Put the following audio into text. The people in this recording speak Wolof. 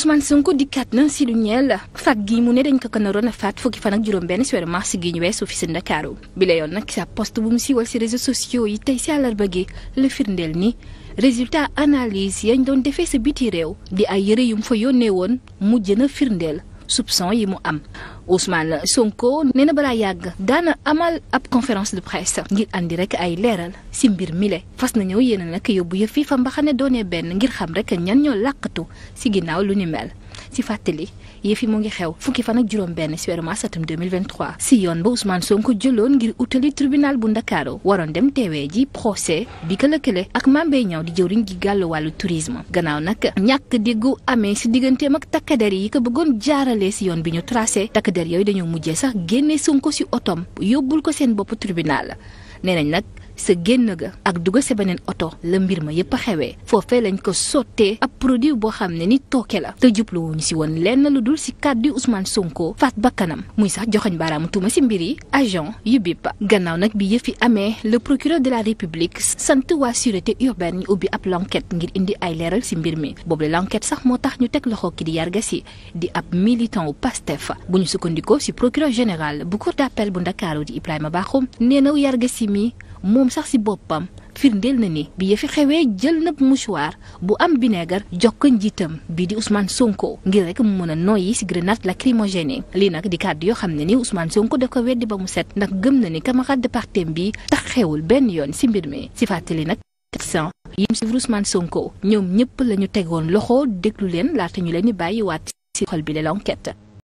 sun Sonko dikkaat na si lu ñeel faat gi mu ne dañ ko ko naroon a fukki fan ak juróom benn si weeru mars gi ñu weesu fi si Ndakaaru bi yoon nag sa post bu mu siiwal si réseaux sociaux yi tey si àllarba gi la firndeel ni résultat analyse yañ doon defee sa biti réew di ay yëre yu mu fa yónnee woon mujj na firndeel soupçon yi mu am la Sonko nee na balaa yàgg daana amal ab conférence de presse ngir indi rek ay leeral si mbir mile le fas na ñëw yéen a nag yóbbu yëf fa mbaxane doonee benn ngir xam rek ñan ñoo làqatu si ginnaaw lu ni mel. ci fàttali yëf yi mu ngi xew fukki fan ak juróom-benn ci weeru mars atum si yoon ba Ousmane Sonko jëloon ngir utali tribunal bu Ndakaaru waroon dem teewee ji procès bi ko lëkkale ak Mame Mbaye Niang di riñ gi gàll wàllu tourisme gannaaw nag ñàkk déggu amee si digganteem ak takkader yi ko bëggoon jaarale si yoon bi ñu tracé takkader yooyu dañoo mujjee sax génne Sonko si otom yóbbul ko seen bopp tribunal nee nañ nag sa génn ga ak dugg sa beneen oto la mbir ma yëpp a xewee foofee lañ ko sottee ab produit boo xam ne ni tooke la te ñu si woon lenn lu dul si kàddu Ousmane Sonko faat bakkanam muy sax joxoñ baaraamu tuuma si mbir yi agent yu bipp gannaaw nag bi yëfi amee le procureur de la république sant waa sûreté urbaine ñu ubbi ab l'enquête ngir indi ay leeral si mbir mi boobu l'enquête sax moo tax ñu teg loxo ki di yarga si di ab militant wu Pastef bu ñu sukkandikoo si procureur général bu cour d'appel bu Ndakaaru Ibrahima Bakhoum nee na yarga moom sax si boppam firndeel na ni bi yëfi xewee jël na mouchoir bu am vinaigre jox ko njiitam bii di Ousmane Sonko ngir rek mu mën a noyyi si grenade lacrymogène lii nag di kàddu yoo xam ne ni Ousmane Sonko daf ko weddi ba mu set ndax gëm na ni camarade de partem bi tax xewul benn yoon si mbir mi si fàttali nag. yim si Ousmane Sonko ñoom ñëpp la ñu tegoon loxo déglu leen laata ñu leen bàyyi bàyyiwaat si xol bi de l'enquête